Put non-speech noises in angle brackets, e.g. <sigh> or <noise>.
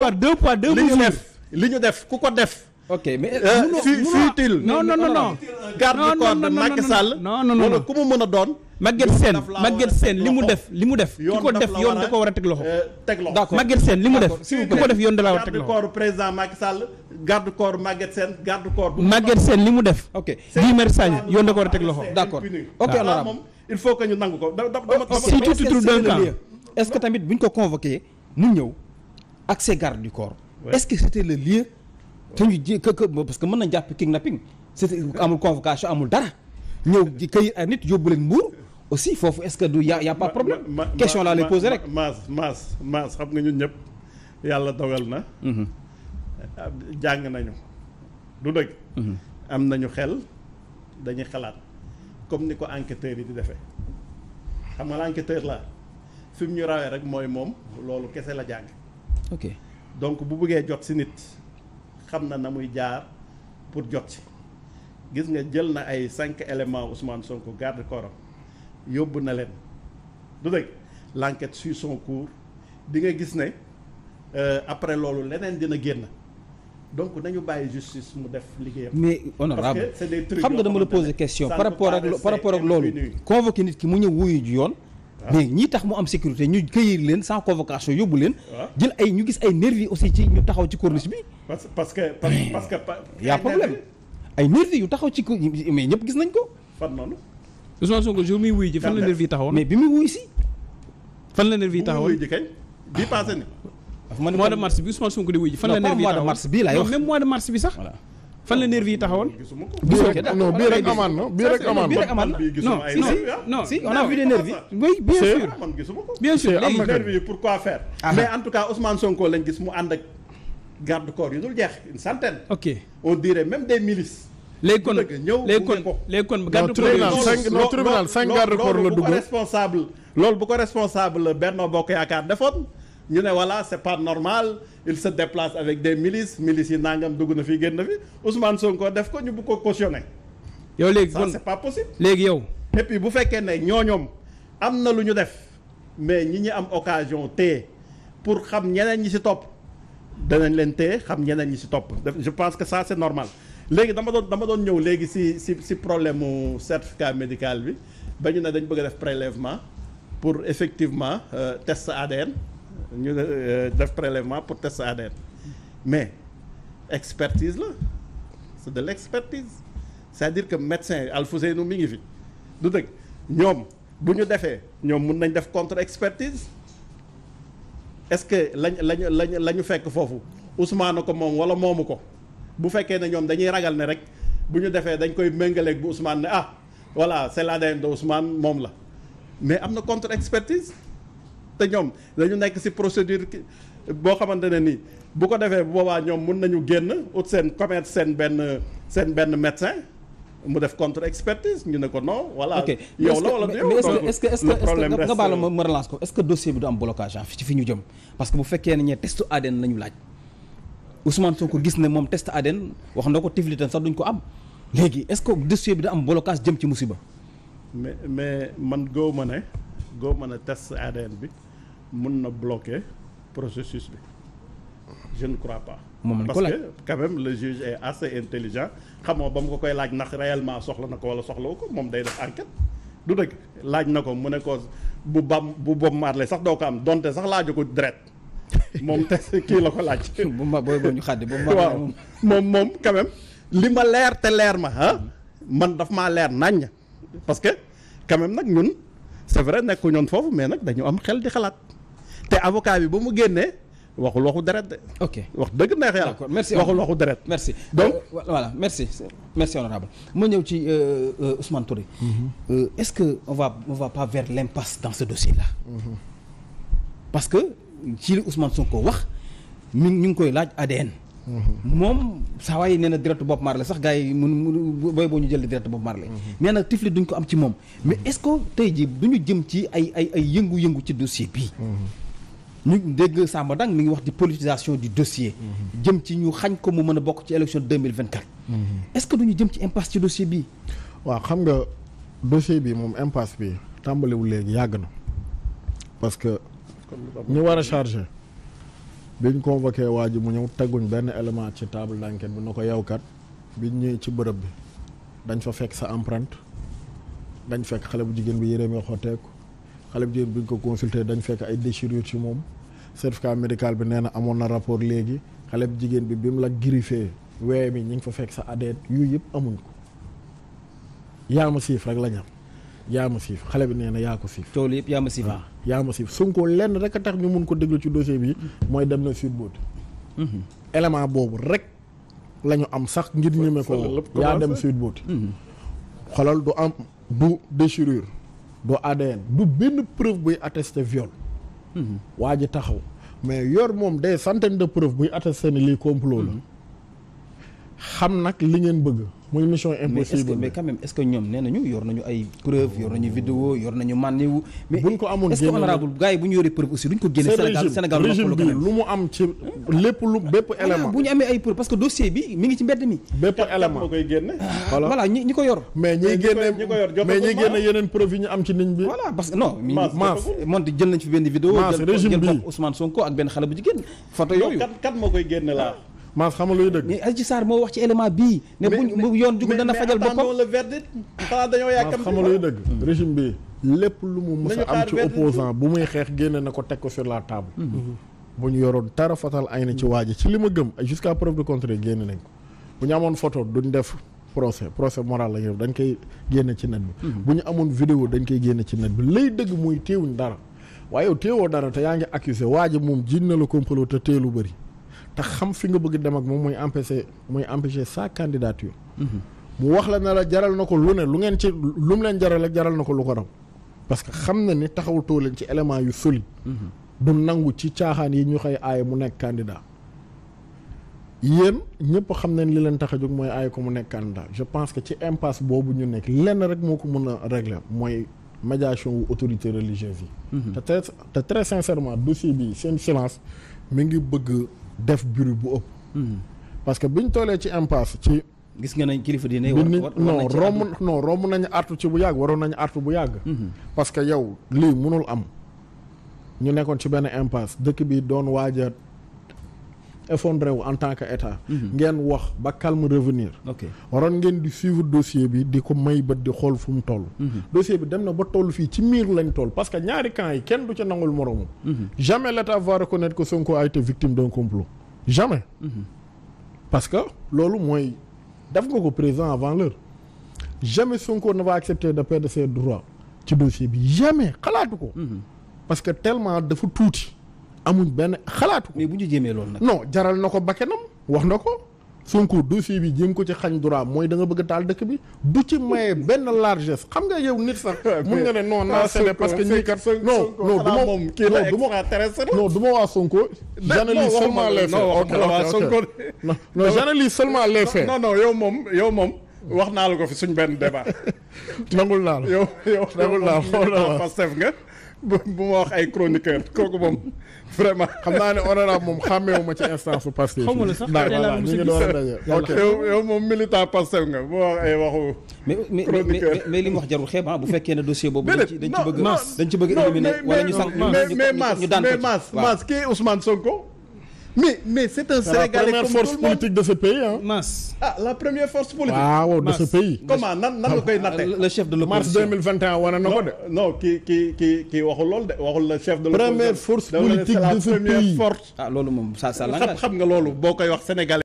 par deux poids deux mesures li ñu def ku ko def. ok mais euh, futile non non non non garde corps de Macky Sall non non non ku mu mën a doon Maguette Sène Maguette Sène li mu def li mu def ki ko def yoon da ko war a teg loxo euh, teg loxo d'accord Maguette Sène li mu def ki ko def yoon da la war a teg loxo garde corps président Macky Sall garde corps Maguette Sène garde corps Maguette Sène li mu def ok Guy Marius Sagna yoon da ko war a teg loxo d'accord ok alors moom il faut que ñu nangu ko si tu te trouves dans le camp est-ce que tamit buñ ko convoqué mu ñëw ak ses gardes du corps. Ouais. est-ce que c'était le lieu. te ñu ji que parce que mën na jàpp kidnapping. c'était amul convocation amul dara. ñëw këyit ay nit yóbbu leen mbuur aussi foofu est-ce que du y a y a pas problème. question laa lay poser rek. maas maas maas xam nga ñu ñëpp yàlla dogal na. Mm-hmm. jàng nañu. du dëgg. Mm-hmm. am nañu xel dañuy xalaat comme ni ko enquêteurs yi di defee xam nga l'enquêteur la fi ñu rawee rek mooy moom loolu kese la jàng. ok donc bu bëggee jot si nit xam na na muy jaar pour jot si gis nga jël na ay cinq éléments Ousmane Sonko garde corps am yóbbu na leen du dëgg l'enquête suit son cours di nga gis ne euh, après loolu leneen dina génn donc nañu bàyyi justice mu def liggéeyam. mais honorable xam nga dama la poser question par rapport ak loolu convoqué nit ki mu ñëw wuyu ji yoon. mais ñi tax mu am sécurité ñu cueillir leen sans convocation yóbbu leen. jël ay ñu gis ay nervi aussi ci ñu taxaw ci corniche bi. parce que parce que. y a problème ay nervi yu taxaw ci ko mais ñëpp gis nañ ko. fan noonu. Ousmane Sonko jour muy wuy ji fan la nervi yi mais bi muy wuy si. fan la nervi yi mois de mars bi Ousmane Sonko di wuy ji fan la nervi yi mois de mars bii laay wax même mois de mars bi sax. fan la nervi yi taxawoon. gisuma ko non bii rek amaan na bii rek amaan na non si si ah. non si on a vu des nervis oui bien sûr ah, bien sûr léegi nervi yi pourquoi faire. Ah. mais en tout cas Ousmane Sonko lañ gis mu ànd ak garde corps yu dul jeex une centaine. ok on dirait même des milices. léegi kon léegi kon léegi kon garde corps tribunal cinq garde corps la dugg loolu bu ko responsable loolu bu ko responsable Benno Bokk Yaakaar defoon. ñu ne voilà c'est pas normal il se déplace avec des milices milices yi nangam dugg na fi génn fi Ousmane Sonko def ko ñu bu ko cautionné. yow léegi ça c'est pas possible. léegi yow. et puis bu fekkee ne ñoo ñoom am na lu ñu def mais ñi ñi am occasion téye pour xam ñeneen ñi ci topp danañ leen téye xam ñeneen ñi ci topp je pense que ça c'est normal léegi dama doon dama doon ñëw léegi ci ci ci problème mu certificat médical bi ba ñu ne dañ bëgg a def prélèvement pour effectivement euh, test ADN. ñu euh, def prélèvement pour test ADN mais expertise la c'est de l'expertise cest dire que médecin Alfousseynou mi ngi fi du dëgg ñoom bu ñu defee ñoom mun nañ def contre expertise est-ce que lañ lañ lañ la ñu fekk foofu Ousmane ko moom wala moomu ko bu fekkee ne ñoom dañuy ragal ne rek bu ñu defee dañ koy méngaleeg bu Ousmane ne ah voilà c'est l'ADN de Ousmane moom la mais am na contre expertise te ñoom dañu nekk ci procédure boo xamante ne nii bu ko defee boobaa ñoom mun nañu génn ut seen commettre seen benn seen benn médecin mu def contre expertise ñu ne ko non. voilà yow la wala yow mais est-ce que est-ce que nga baal ma relance ko est-ce bi du am blocage ci fi ñu jëm parce que bu fekkee ne ñee testu ADN lañu laaj gis ne moom test ADN wax na ko tiflitam sax duñ ko am léegi est-ce que bi da am blocage jëm ci musiba. mais mais man goo ma ne góob ma ne test ADN bi. mun na bloquer processus bi je ne crois moom parce que quand le juge est assez intelligent xamoo ba mu ko koy laaj nax réellement soxla na ko wala soxla ko moom day def enquête du dëgg laaj na ko mu ne ko bu bam bu bob maarle sax doo ko am donte sax laaju ko deret moom te <laughs> kii la ko laaj. bu ma booy ñu xàddi bu ma. waaw moom moom quand li ma leer te leer ma ah mm-hmm. man daf maa leer naññ parce que quand nag ñun c'est vrai nekku ñoon foofu mais nag dañu am xel di xalaat. te avocat bi ba mu génnee waxul waxu deret de. ok wax dëgg neex yàlla. d'accord merci waxul waxu deret. merci donc euh, voilà merci merci honorable ma ñëw ci euh, euh, Ousmane Touré. Mhm. est-ce que on va on va pas vers l'impasse dans ce dossier-là. Mhm. parce que ci li Ousmane Sonko wax mi ñu ngi koy laaj ADN. Mhm. moom saa waay nee na direct Bob Marley sax gars yi mun mun booy boo ñu jël direct Bob Marley. nee na tifli duñ ko am ci moom. mais est-ce que tey jii duñu jëm ci ay ay ay yëngu-yëngu ci dossier ñu dégg Samba Dang mi ngi wax di politisation du dossier. jëm ci ñu xañ ko mu mën a bokk ci élection 2024. est-ce que du ñu jëm ci impasse ci dossier bi. waaw xam nga dossier bi moom impasse bi tàmbaliwul léegi yàgg na parce que ñu war a chargé biñ convoqué waa ji mu ñëw teguñ benn élément ci table d'enquête bi na ko yowkat biñ ñëwee ci bërëb bi dañ fa fekk sa emprent dañ fekk xale bu jigéen bi yëreemee xotteeku xale bu jigéen biñ ko consulté dañ fekk ay déchirure ci moom certificat médical bi nee na amoon na rapport léegi xale bi jigéen bi bi mu la griffé wee mi ñi ngi fa fekk sa adeet yu yëpp amuñ ko yaa ma siif rek la ñam yaa ma siif xale bi nee na yaa ko siif. tool yëpp yaa ma siif. waaw lenn rek a tax ñu mun ko déglu ci dossier bi mooy dem na Sweet Beauty. Mhm. élément boobu rek lañu am sax ngir ñeme ko. yaa dem Sweet Beauty. Mhm. xoolal du am du déchirure du ADN du benn preuve buy attesté viol. Mm-hmm. waa ji taxaw mais yor moom day centaines de preuves buy attesté ne lii complot la mm-hmm. xam nag li ngeen bëgg muy mission impossible mais, mais quand même est ce que ñoom nee nañu yor nañu ay preuve yor nañu vidéo yor nañu maniwu mais bu ñu yoree preuve génne ah, bu ñu am ci niñ bi voilà parce que non maas monte jël nañ fi benn vidéo jël Ousmane Sonko ak benn xale bu jigéen photo yooyu kat maas xam nga luy dëgg. mais Adji Sarr moo wax ci élément bii. ne bu yoon dugg dana fajal boppam mais mais attendons le verdict. dëgg. Hmm. régime bi lépp lu mu mës a am ci opposant bu muy xeex génne na ko teg ko sur la table. Hmm. Hmm. bu ñu yoroon tara fatal ay na ci waaji ci li ma gëm jusqu'à preuve du contraire génne nañ ko bu ñu amoon photo ñu def procès procès moral la dañ koy génne ci net bi. bu ñu amoon vidéo dañ koy génne ci net bi lay dëgg muy téewuñ dara waaye yow dara te yaa ngi accusé waaji moom jiin na la complot te teelu bëri te xam fi nga bëgg dem ak moom mooy empêcher mooy empêcher sa candidature. Mhm. mu wax la ne la jaral na ko lu ne lu ngeen ci lu mu leen jaral ak jaral na ko lu ko raw. parce que xam na ni taxawutoo leen ci élément yu solide. Mhm. du nangu ci caaxaan yi ñu xëy aaye mu nekk candidat. yéen ñëpp xam nañ li leen tax jóg mooy aaye ko mu nekk candidat je pense que ci impasse boobu ñu nekk lenn rek moo ko mën a régler mooy médiation wu autorité religieuse yi. Mhm. te très te seen silence def bruit bu ëpp. Hmm. parce que biñ toolee ci impasse ci. gis nga nañ kilifa di ne. war war non romb non romb nañu artu ci bu yàgg waroon nañu artu bu yàgg. Hmm. parce que yow lii mënul am. ñu nekkoon ci benn impasse dëkk bi doon waaj effondré wu en tant que état. Mhm. ngeen wax ba calme revenir. ok waroon ngeen di suivre dossier bi di ko may ba di xool fu mu toll. Mhm. dossier bi dem na ba toll fii ci miir lañ toll parce que ñaari camps yi kenn du ca nangul moromu. Mhm. jamais l' état va reconnaître que Sonko a été victime complot jamais. parce que loolu mooy def nga ko président avant l'heure jamais Sonko ne va accepter de perdre ses droits ci dossier bi jamais xalaatu ko. parce que tellement dafa tuuti. amuñ benn xalaatu. mais bu ñu jéemee loolu nag. non jaral na ko bakkenam wax na ko. Sonko dossier bi jéem ko ci xañ droit mooy da nga bëgg taal dëkk bi du ci maye benn largesse xam nga yow nit sax. <laughs> mun nga ne non naa seede parce que ñii kat. no non du ma moom kii la extraterrestre non du ma waa Sonko. j'analyse seulement les faits ok ok non non j'analyse seulement les faits. yow moom yow moom. wax naa la ko fi suñ benn débat. <laughs> nangul naa la nangul naa la Pastef nga. bu ma wax ay chroniqueur kooku moom vraiment. xam naa ne honorable moom xàmmeewu ma ci instance su Pastef. xaw ma la sax ñu ngi door a daje. ok yow yow moom militant Pastef nga bu ma wax ay waxu. chroniqueur mais mais ah, bu fekkee ne dossier dañ ci bëgg dañ ci bëgg éliminer wala ñu sànq. mais mais Mass mais Mass kii Ousmane Sonko. mais mais c'est un Sénégalais comme tout le monde la première force politique de ce pays ah. la première force politique. de ce pays. comment la koy nattee. le chef de l'opposition mars 2021 wane na ko de. non kii kii kii kii waxul lool de waxul le chef de l'opposition. première force politique de ce pays. Ah, loolu moom ça ça la xam nga loolu boo koy wax sénégalais.